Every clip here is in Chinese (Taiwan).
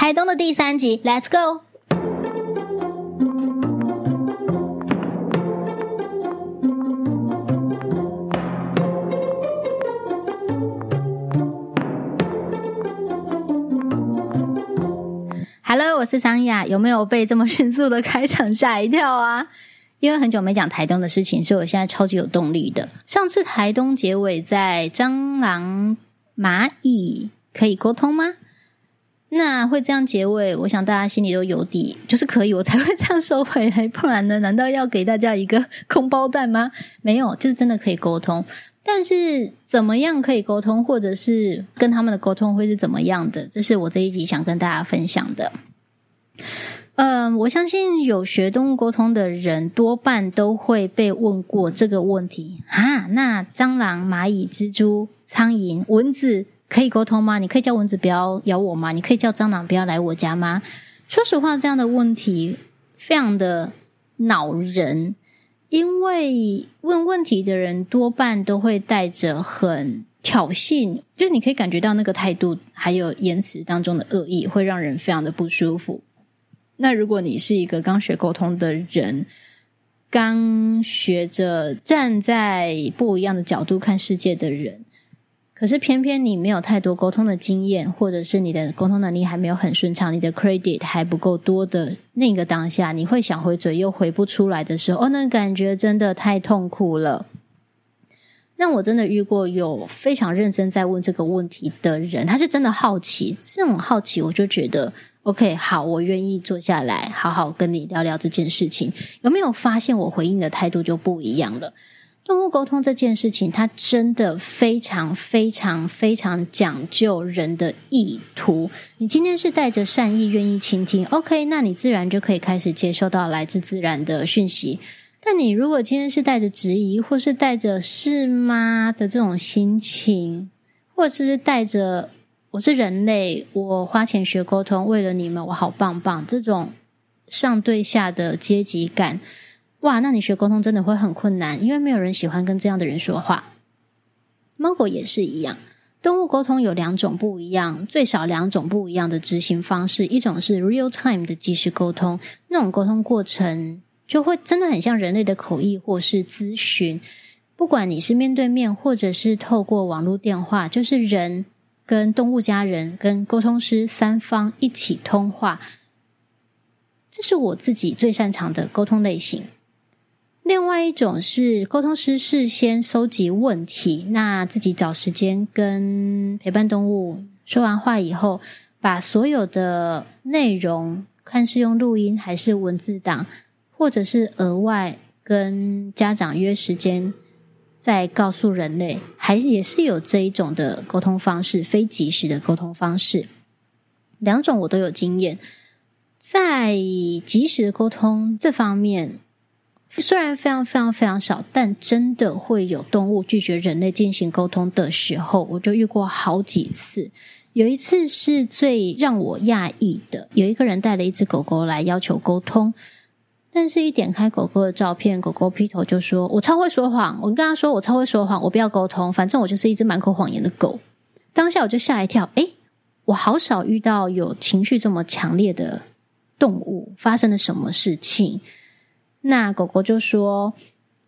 台東的第三集，Let's go。Hello，我是桑雅，有沒有被這麼迅速的開場嚇一跳啊？因為很久沒講台東的事情，所以我現在超級有動力的。上次台東結尾在蟑螂螞蟻，可以溝通嗎？那會這樣結尾，我想大家心裡都有底，就是可以，我才會這樣收回來。不然呢？難道要給大家一個空包蛋嗎？沒有，就是真的可以溝通。但是怎麼樣可以溝通，或者是跟他們的溝通會是怎麼樣的？這是我這一集想跟大家分享的。嗯、呃，我相信有學動物溝通的人，多半都會被問過這個問題啊。那蟑螂、螞蟻、蜘蛛、蒼蠅、蚊子，可以溝通嗎？你可以叫蚊子不要咬我嗎？你可以叫蟑螂不要來我家嗎？說實話，這樣的問題非常的惱人，因為問問題的人多半都會帶着很挑釁，就你可以感覺到那個態度還有言辭當中的惡意，會讓人非常的不舒服。那如果你是一個剛學溝通的人，剛學着站在不一樣的角度看世界的人，可是偏偏你沒有太多溝通的經驗，或者是你的溝通能力還沒有很順暢，你的 credit 還不夠多的那個當下，你會想回嘴又回不出來的時候，哦，那感覺真的太痛苦了。那我真的遇過有非常認真在問這個問題的人，他是真的好奇，這種好奇我就覺得 OK，好，我願意坐下來好好跟你聊聊這件事情。有沒有發現我回應的態度就不一樣了？動物溝通這件事情，它真的非常非常非常講究人的意圖。你今天是帶着善意、願意傾聽，OK，那你自然就可以開始接受到來自自然的訊息。但你如果今天是帶着質疑，或是帶着是嗎的這種心情，或者是帶着“我是人類，我花錢學溝通，為了你們，我好棒棒”這種上對下的階級感。哇，那你學溝通真的會很困難，因為沒有人喜歡跟這樣的人說話。貓狗也是一樣，動物溝通有兩種不一樣，最少兩種不一樣的執行方式，一種是 real time 的即時溝通，那種溝通過程就會真的很像人類的口譯或是諮詢，不管你是面對面或者是透過網絡電話，就是人跟動物家人跟溝通師三方一起通話，這是我自己最擅長的溝通類型。另外一種是溝通師事先收集問題，那自己找時間跟陪伴動物說完話以後，把所有的內容，看是用錄音還是文字檔，或者是額外跟家長約時間，再告訴人類，還也是有這一種的溝通方式，非即時的溝通方式。兩種我都有經驗，在即時的溝通這方面，雖然非常非常非常少，但真的會有動物拒絕人類進行溝通的時候，我就遇過好幾次。有一次是最讓我訝異的，有一個人帶了一隻狗狗來要求溝通，但是一點開狗狗的照片，狗狗劈頭就說：“我超會說謊。”我跟他說：“我超會說謊，我不要溝通，反正我就是一隻滿口謊言的狗。”當下我就嚇一跳，誒，我好少遇到有情緒這麼強烈的動物，發生了什麼事情？那狗狗就說：“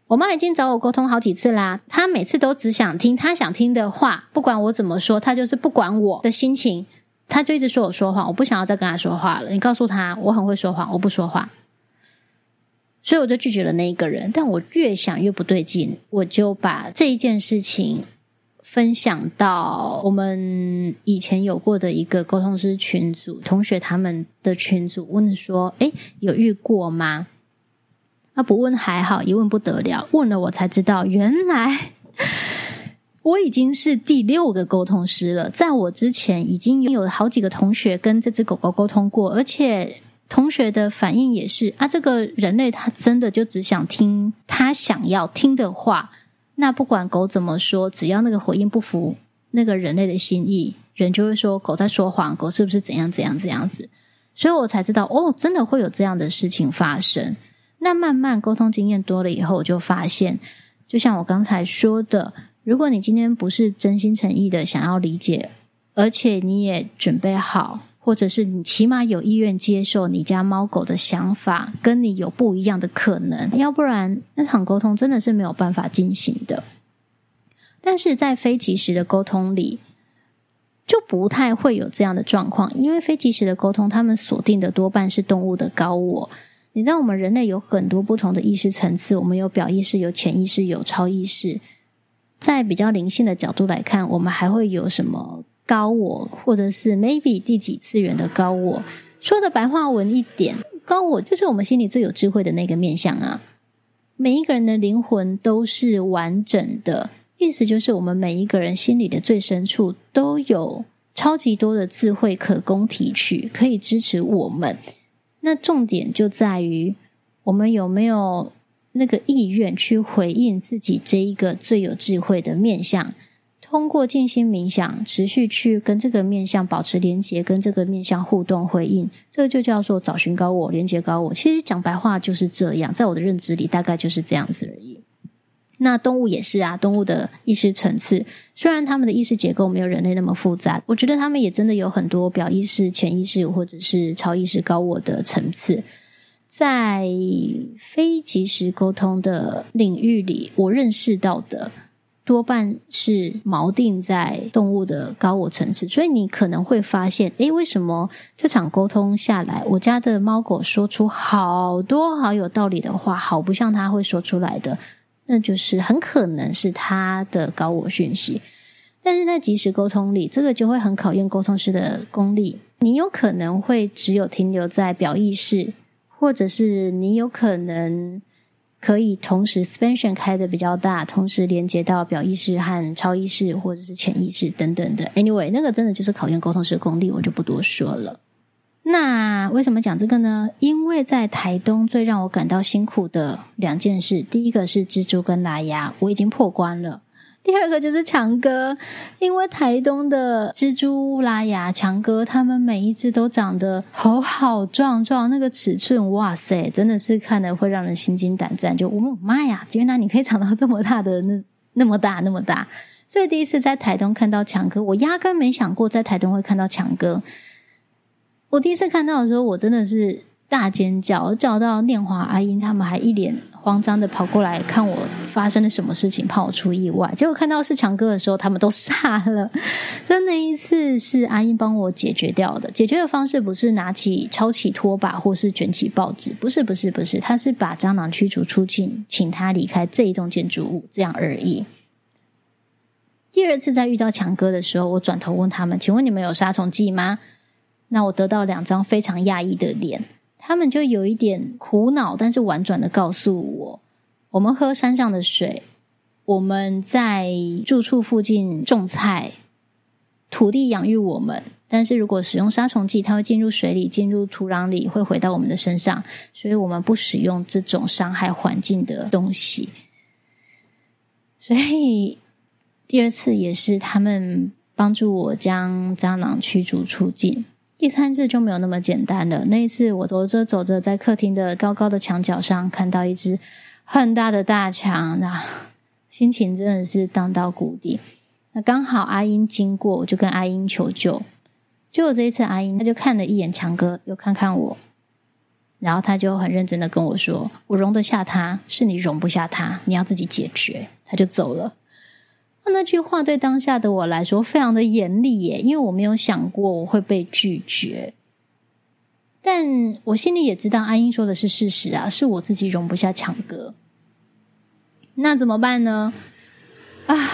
我媽已經找我溝通好幾次啦、啊，她每次都只想聽她想聽的話，不管我怎麼說，她就是不管我的心情，她就一直說我說謊。我不想要再跟她說話了。你告訴她，我很會說謊，我不說話。所以我就拒絕了那一個人。但我越想越不對勁，我就把這一件事情分享到我們以前有過的一個溝通師群組，同學他們的群組問着說：哎，有遇過嗎？”那、啊、不問還好，一問不得了。問了我才知道，原來我已經是第六個溝通師了。在我之前，已經有好幾個同學跟這隻狗狗溝通過，而且同學的反應也是：啊，這個人類他真的就只想聽他想要聽的話。那不管狗怎麼說，只要那個回應不符那個人類的心意，人就會說狗在說謊，狗是不是怎樣怎樣這樣子？所以我才知道，哦，真的會有這樣的事情發生。那慢慢溝通經驗多了以後，我就發現，就像我剛才說的，如果你今天不是真心誠意的想要理解，而且你也準備好，或者是你起碼有意願接受你家貓狗的想法跟你有不一樣的可能，要不然那場溝通真的是沒有辦法進行的。但是在非即時的溝通裡，就不太會有這樣的狀況，因為非即時的溝通，他們鎖定的多半是動物的高我。你知道，我們人類有很多不同的意識層次，我們有表意識、有潛意識、有超意識。在比較靈性的角度來看，我們還會有什麼高我，或者是 maybe 第幾次元的高我？說的白話文一點，高我就是我們心裡最有智慧的那個面向啊。每一個人的靈魂都是完整的，意思就是我們每一個人心裡的最深處都有超級多的智慧可供提取，可以支持我們。那重點就在於，我們有沒有那個意願去回應自己這一個最有智慧的面向？通過靜心冥想，持續去跟這個面向保持連接，跟這個面向互動回應，這個就叫做找尋高我，連接高我。其實講白話就是這樣，在我的認知裡，大概就是這樣子而已。那動物也是啊，動物的意識層次，雖然他們的意識結構沒有人類那麼複雜，我覺得他們也真的有很多表意識、潛意識或者是超意識、高我的層次。在非即時溝通的領域裡，我認識到的多半是錨定在動物的高我層次，所以你可能會發現，誒，為什麼這場溝通下來，我家的貓狗說出好多好有道理的話，好不像他會說出來的。那就是很可能是他的高我訊息，但是在即時溝通裡，這個就會很考驗溝通師的功力。你有可能會只有停留在表意識，或者是你有可能可以同時 suspension 開的比較大，同時連接到表意識和超意識或者是潛意識等等的。Anyway，那個真的就是考驗溝通師的功力，我就不多說了。那為什麼講這個呢？因為在台東最讓我感到辛苦的兩件事，第一個是蜘蛛跟拉牙，我已經破關了；第二個就是強哥，因為台東的蜘蛛、拉牙、強哥，他們每一隻都長得好好壯壯，那個尺寸，哇塞，真的是看得會讓人心驚膽戰。就我們媽呀，原來你可以長到這麼大的，那那麼大，那麼大。所以第一次在台東看到強哥，我壓根沒想過在台東會看到強哥。我第一次看到的時候，我真的是大尖叫，我找到念華阿英他們還一臉慌張的跑過來看我發生了什麼事情，怕我出意外。結果看到是強哥的時候，他們都傻了。所以 那一次，是阿英幫我解決掉的。解決的方式不是拿起、抄起拖把，或是捲起報紙，不是，不是，不是，他是把蟑螂驅逐出境，請他離開這一棟建築物，這樣而已。第二次在遇到強哥的時候，我轉頭問他們：“請問你們有殺蟲劑嗎？”那我得到兩張非常訝異的臉，他們就有一點苦惱，但是婉轉的告訴我，我們喝山上的水，我們在住處附近種菜，土地養育我們。但是如果使用殺蟲劑，它會進入水裡、進入土壤裡，會回到我們的身上，所以我們不使用這種傷害環境的東西。所以第二次也是他們幫助我將蟑螂驅逐出境。第三次就沒有那麼簡單了。那一次，我走着走着，在客廳的高高的牆角上看到一隻很大的大強，那、啊、心情真的是盪到谷底。那剛好阿英經過，我就跟阿英求救。結果這一次，阿英他就看了一眼強哥，又看看我，然後他就很認真的跟我說：“我容得下他，是你容不下他，你要自己解決。”他就走了。那句話對當下的我來說非常的嚴厲耶，因為我沒有想過我會被拒絕，但我心裡也知道安英說的是事實啊，是我自己容不下強哥。那怎麼辦呢？啊，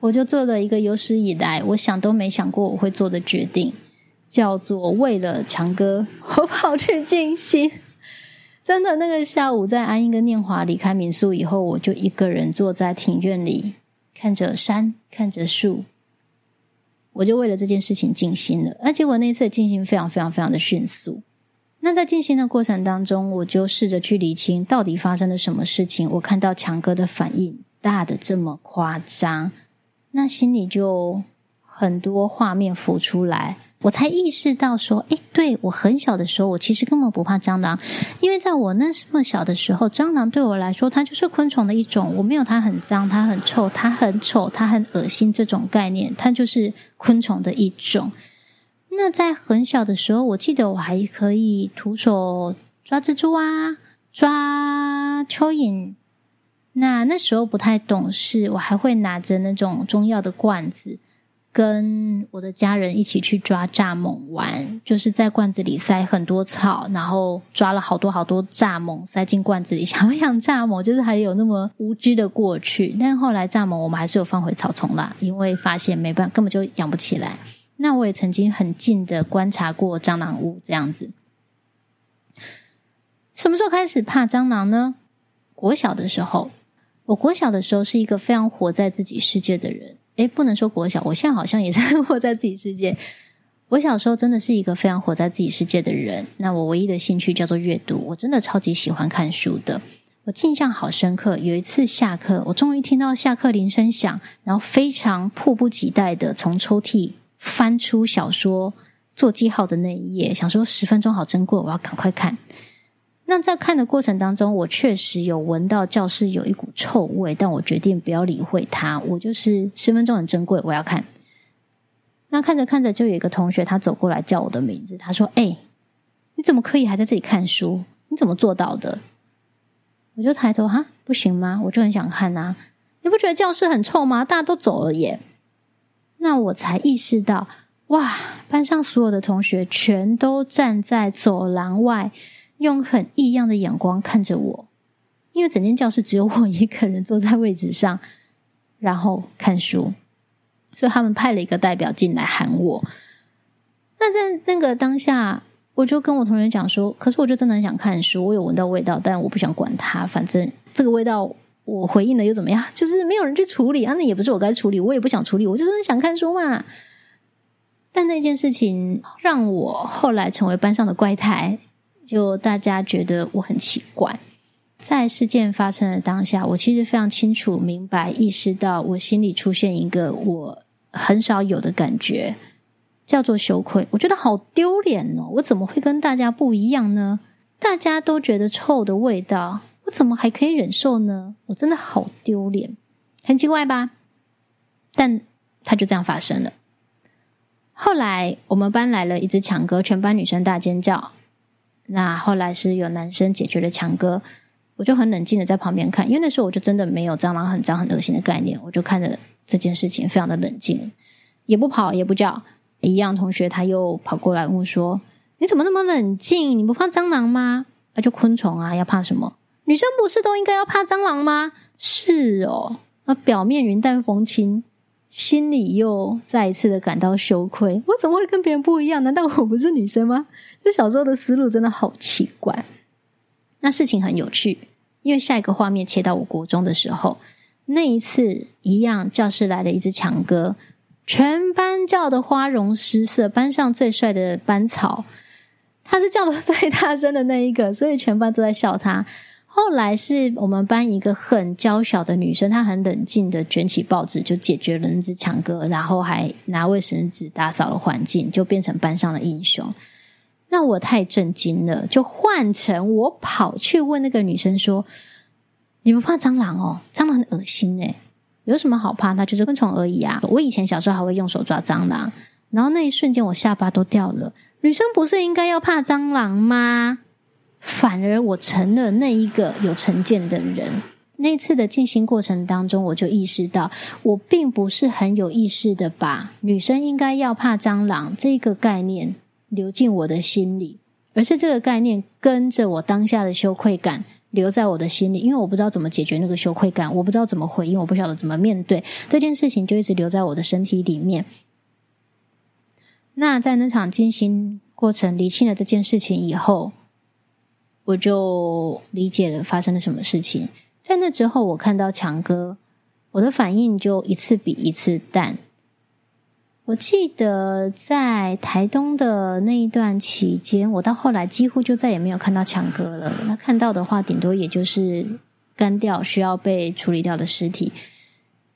我就做了一個有史以來我想都沒想過我會做的決定，叫做為了強哥，我跑去靜心。真的，那個下午在安英跟念華離開民宿以後，我就一個人坐在庭院裡。看着山，看着樹，我就為了這件事情靜心了。而結果那次靜心非常非常非常的迅速。那在靜心的過程當中，我就試着去理清到底發生了什麼事情。我看到強哥的反應大的這麼誇張，那心裡就很多畫面浮出來。我才意識到說，誒，對，我很小的時候，我其實根本不怕蟑螂，因為在我那麼小的時候，蟑螂對我來說，它就是昆蟲的一種。我沒有它很髒，它很臭，它很醜，它很噁心這種概念，它就是昆蟲的一種。那在很小的時候，我記得我還可以徒手抓蜘蛛啊，抓蚯蚓。那那時候不太懂事，我還會拿着那種中藥的罐子。跟我的家人一起去抓蚱蜢玩，就是在罐子裡塞很多草，然後抓了好多好多蚱蜢，塞進罐子裡。想要養蚱蜢，就是還有那麼無知的過去。但後來，蚱蜢我們還是有放回草叢啦，因為發現沒辦法，根本就養不起來。那我也曾經很近的觀察過蟑螂屋這樣子。什麼時候開始怕蟑螂呢？國小的時候，我國小的時候是一個非常活在自己世界的人。誒，不能說國小，我現在好像也是活在自己世界。我小時候真的是一個非常活在自己世界的人。那我唯一的興趣叫做閱讀，我真的超級喜歡看書的。我印象好深刻，有一次下課，我終於聽到下課鈴聲響，然後非常迫不及待地從抽屜翻出小說做記號的那一頁，想說十分鐘好珍貴，我要趕快看。那在看的過程當中，我確實有聞到教室有一股臭味，但我決定不要理會它。我就是十分鐘很珍貴，我要看。那看着看着，就有一個同學他走過來叫我的名字，他說：“哎，你怎麼可以還在這裡看書？你怎麼做到的？”我就抬頭，哈，不行嗎？我就很想看啊！你不覺得教室很臭嗎？大家都走了耶。那我才意識到，哇，班上所有的同學全都站在走廊外。用很異樣的眼光看着我，因為整間教室只有我一個人坐在位置上，然後看書，所以他們派了一個代表進來喊我。那在那個當下，我就跟我同學講說：“可是，我就真的很想看書。我有聞到味道，但我不想管他。反正這個味道，我回應了又怎麼樣？就是沒有人去處理啊。那也不是我該處理，我也不想處理。我就真的想看書嘛。但那件事情讓我後來成為班上的怪胎。”就大家覺得我很奇怪，在事件發生的當下，我其實非常清楚、明白、意識到我心裡出現一個我很少有的感覺，叫做羞愧。我覺得好丟臉哦！我怎麼會跟大家不一樣呢？大家都覺得臭的味道，我怎麼還可以忍受呢？我真的好丟臉，很奇怪吧？但他就這樣發生了。後來我們班來了一隻強哥，全班女生大尖叫。那後來是有男生解決了強哥，我就很冷靜的在旁邊看，因為那時候我就真的沒有蟑螂很髒很噁心的概念，我就看着這件事情非常的冷靜，也不跑也不叫。一樣同學他又跑過來問我說：“你怎麼那麼冷靜？你不怕蟑螂嗎？”啊，就昆蟲啊，要怕什麼？女生不是都應該要怕蟑螂嗎？是哦，那表面雲淡風輕。心裡又再一次的感到羞愧，我怎麼會跟別人不一樣？難道我不是女生嗎？就小時候的思路真的好奇怪。那事情很有趣，因為下一個畫面切到我國中的時候，那一次一樣，教室來了一隻強哥，全班叫得花容失色，班上最帥的班草，他是叫得最大聲的那一個，所以全班都在笑他。後來是我們班一個很嬌小的女生，她很冷靜的捲起報紙就解決那隻強哥，然後還拿衛生紙打掃了環境，就變成班上的英雄。讓我太震驚了！就換成我跑去問那個女生說：“你不怕蟑螂哦？蟑螂很噁心誒、欸、有什麼好怕？那就是昆蟲而已啊！我以前小時候還會用手抓蟑螂，然後那一瞬間我下巴都掉了。女生不是應該要怕蟑螂嗎？”反而我成了那一個有成見的人。那次的靜心過程當中，我就意識到，我並不是很有意識的把“女生應該要怕蟑螂”這個概念流進我的心裡，而是這個概念跟着我當下的羞愧感留在我的心裡。因為我不知道怎麼解決那個羞愧感，我不知道怎麼回應，我不曉得怎麼面對，這件事情就一直留在我的身體裡面。那在那場靜心過程釐清了這件事情以後。我就理解了發生了什麼事情。在那之後，我看到強哥，我的反應就一次比一次淡。我記得在台東的那一段期間，我到後來幾乎就再也沒有看到強哥了。那看到的話，頂多也就是乾掉需要被處理掉的屍體。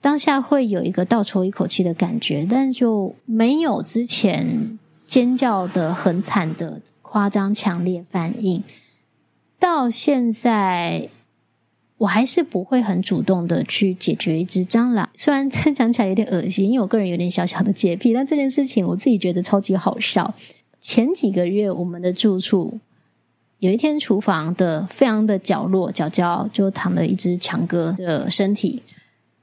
當下會有一個倒抽一口氣的感覺，但就沒有之前尖叫得很慘的誇張強烈反應。到現在，我還是不會很主動的去解決一隻蟑螂。雖然講起來有點惡心，因為我個人有點小小的潔癖，但這件事情我自己覺得超級好笑。前幾個月，我們的住處有一天廚房的非常的角落，角角就躺了一隻強哥的身體。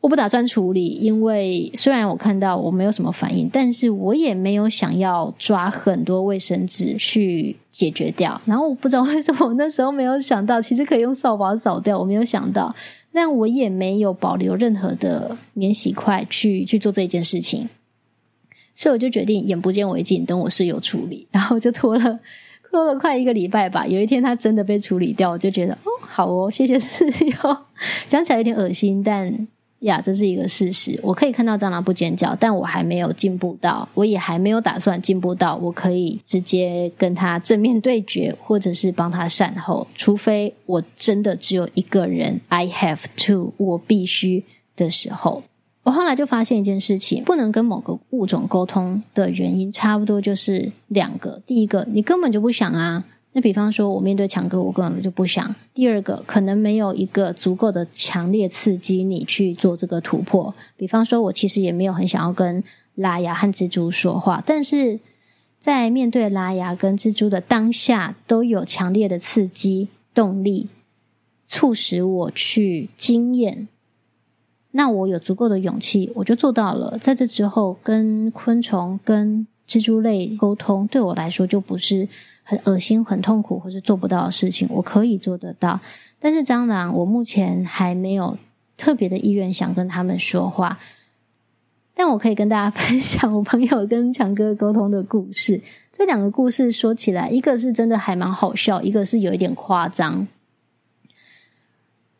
我不打算處理，因為雖然我看到我沒有什麼反應，但是我也沒有想要抓很多衛生紙去解決掉。然後我不知道為什麼我那時候沒有想到，其實可以用掃把掃掉。我沒有想到，但我也沒有保留任何的免洗筷去去做這件事情。所以我就決定眼不見為淨，等我室友處理。然後就拖了拖了快一個禮拜吧。有一天他真的被處理掉，我就覺得哦，好哦，謝謝室友。 講起來有點噁心，但。呀，yeah, 這是一個事實。我可以看到蟑螂不尖叫，但我還沒有進步到，我也還沒有打算進步到，我可以直接跟他正面對決，或者是幫他善後，除非我真的只有一個人，I have to，我必須的時候。我、哦、後來就發現一件事情，不能跟某個物種溝通的原因，差不多就是兩個：第一個，你根本就不想啊。那比方說，我面對強哥，我根本就不想。第二個，可能沒有一個足夠的強烈刺激你去做這個突破。比方說，我其實也沒有很想要跟拉牙和蜘蛛說話，但是在面對拉牙跟蜘蛛的當下，都有強烈的刺激動力，促使我去經驗。那我有足夠的勇氣，我就做到了。在這之後，跟昆蟲，跟。蜘蛛類溝通對我來說就不是很噁心、很痛苦，或是做不到的事情，我可以做得到。但是蟑螂，我目前還沒有特別的意願想跟他們說話。但我可以跟大家分享我朋友跟強哥溝通的故事。這兩個故事說起來，一個是真的還蠻好笑，一個是有一點誇張。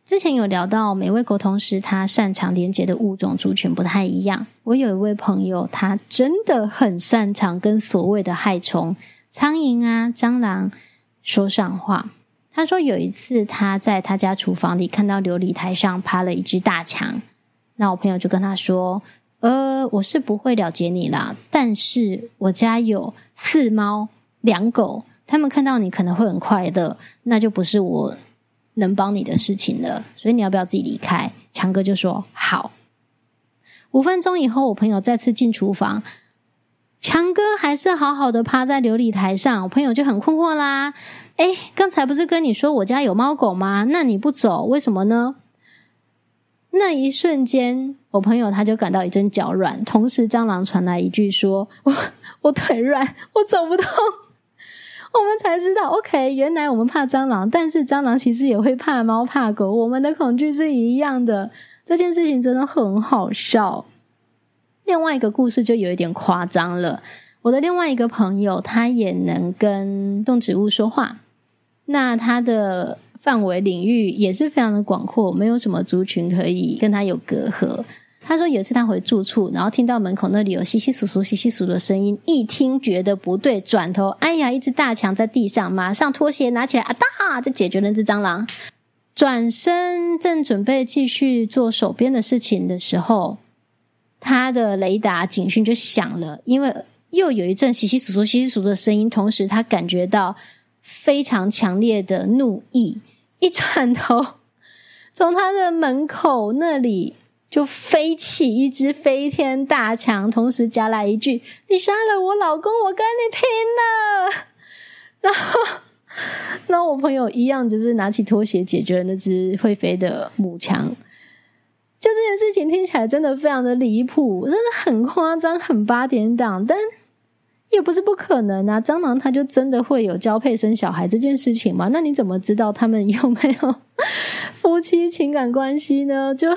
之前有聊到每位溝通師他擅長連接的物種族群不太一樣。我有一位朋友，他真的很擅長跟所謂的害蟲、蒼蠅啊、蟑螂，說上話。他說有一次他在他家廚房裡看到流理台上趴了一隻大強，那我朋友就跟他說：“呃，我是不會了解你啦，但是我家有四貓兩狗，他們看到你可能會很快樂，那就不是我。”能幫你的事情了，所以你要不要自己離開？強哥就說：“好。”五分鐘以後，我朋友再次進廚房，強哥還是好好的趴在流理台上。我朋友就很困惑啦：“誒，剛才不是跟你說我家有貓狗嗎？那你不走，為什麼呢？”那一瞬間，我朋友他就感到一陣腳軟，同時蟑螂傳來一句說：“說我我腿軟，我走不動。”我們才知道，OK，原來我們怕蟑螂，但是蟑螂其實也會怕貓、怕狗，我們的恐懼是一樣的。這件事情真的很好笑。另外一個故事就有一點誇張了，我的另外一個朋友他也能跟動植物說話，那他的範圍領域也是非常的廣闊，沒有什麼族群可以跟他有隔閡。他說：“有一次，他回住處，然後聽到門口那裡有窸窸窣窣、窸窸窣的聲音，一聽覺得不對，轉頭，哎呀，一隻大強在地上，馬上拖鞋拿起來，啊噠，就解決了那隻蟑螂。轉身正準備繼續做手邊的事情的時候，他的雷達警訊就響了，因為又有一陣窸窸窣窣、窸窸窣的聲音，同時他感覺到非常強烈的怒意。一轉頭，從他的門口那裡。”就飛起一隻飛天大強，同時夾來一句：“你殺了我老公，我跟你拼了！”然後，那我朋友一樣，就是拿起拖鞋解決了那隻會飛的母強。就這件事情聽起來真的非常的離譜，真的很誇張，很八點檔，但也不是不可能啊。蟑螂它就真的會有交配生小孩這件事情嗎？那你怎麼知道他們有沒有 夫妻情感關係呢？就。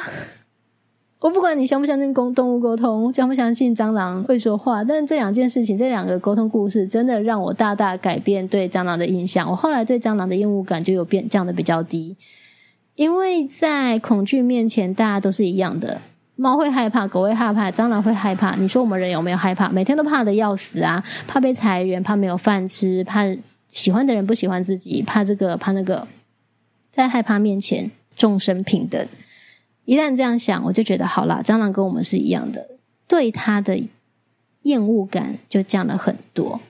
我不管你相不相信公動物溝通，相不相信蟑螂會說話，但是這兩件事情，這兩個溝通故事，真的讓我大大改變對蟑螂的印象。我後來對蟑螂的厭惡感就有變降得比較低，因為在恐懼面前，大家都是一樣的。貓會害怕，狗會害怕，蟑螂會害怕。你說我們人有沒有害怕？每天都怕得要死啊！怕被裁員，怕沒有飯吃，怕喜歡的人不喜歡自己，怕這個怕那個。在害怕面前，眾生平等。一旦這樣想，我就覺得好啦。蟑螂跟我們是一樣的，對它的厭惡感就降了很多。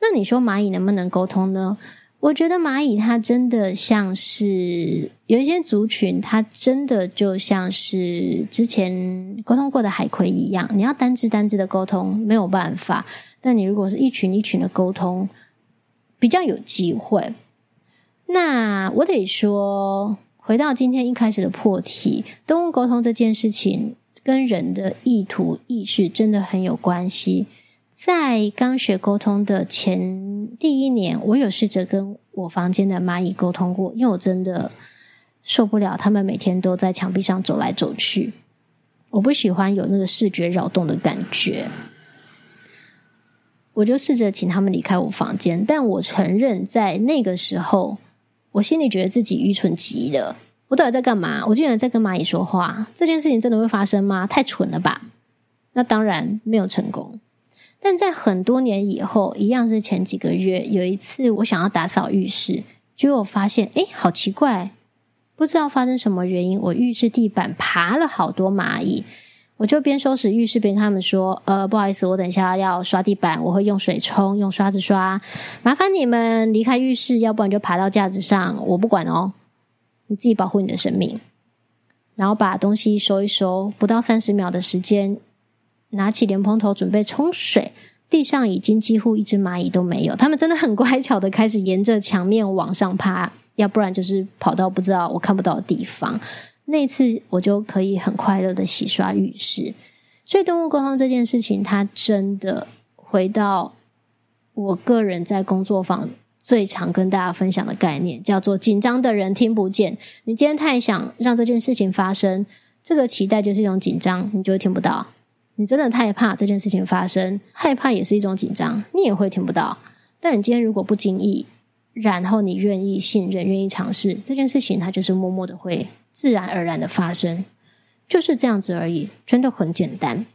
那你說螞蟻能不能溝通呢？我覺得螞蟻它真的像是有一些族群，它真的就像是之前溝通過的海葵一樣，你要單隻單隻的溝通，沒有辦法。但你如果是一群一群的溝通，比較有機會。那我得說。回到今天一開始的破題，動物溝通這件事情跟人的意圖、意識真的很有關係。在剛學溝通的前第一年，我有試着跟我房間的螞蟻溝通過，因為我真的受不了他們每天都在牆壁上走來走去，我不喜歡有那個視覺擾動的感覺。我就試着請他們離開我房間，但我承認在那個時候。我心裡覺得自己愚蠢極了，我到底在幹嘛？我竟然在跟螞蟻說話，這件事情真的會發生嗎？太蠢了吧！那當然沒有成功。但在很多年以後，一樣是前幾個月，有一次我想要打掃浴室，結果我發現，哎、欸，好奇怪，不知道發生什麼原因，我浴室地板爬了好多螞蟻。我就邊收拾浴室邊跟他們說：“呃，不好意思，我等一下要刷地板，我會用水沖，用刷子刷。麻煩你們離開浴室，要不然就爬到架子上，我不管哦，你自己保護你的生命。然後把東西收一收，不到三十秒的時間，拿起蓮蓬頭準備沖水，地上已經幾乎一隻螞蟻都沒有。他們真的很乖巧的開始沿着牆面往上爬，要不然就是跑到不知道我看不到的地方。”那次我就可以很快樂的洗刷浴室，所以動物溝通這件事情，它真的回到我個人在工作坊最常跟大家分享的概念，叫做緊張的人聽不見。你今天太想讓這件事情發生，這個期待就是一種緊張，你就會聽不到。你真的太怕這件事情發生，害怕也是一種緊張，你也會聽不到。但你今天如果不經意，然後你願意信任、願意嘗試這件事情，它就是默默的會。自然而然的發生就是這樣子而已，真的很簡單。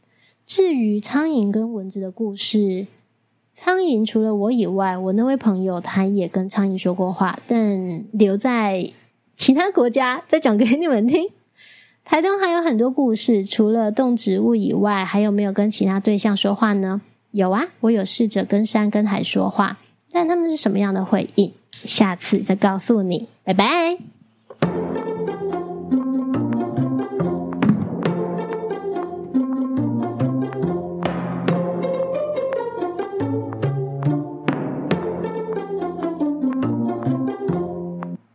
至於蒼蠅跟蚊子的故事，蒼蠅除了我以外，我那位朋友他也跟蒼蠅說過話，但留在其他國家再講給你們聽。台東還有很多故事，除了動植物以外，還有沒有跟其他對象說話呢？有啊，我有試着跟山跟海說話，但他們是什麼樣的回應？下次再告訴你，拜拜。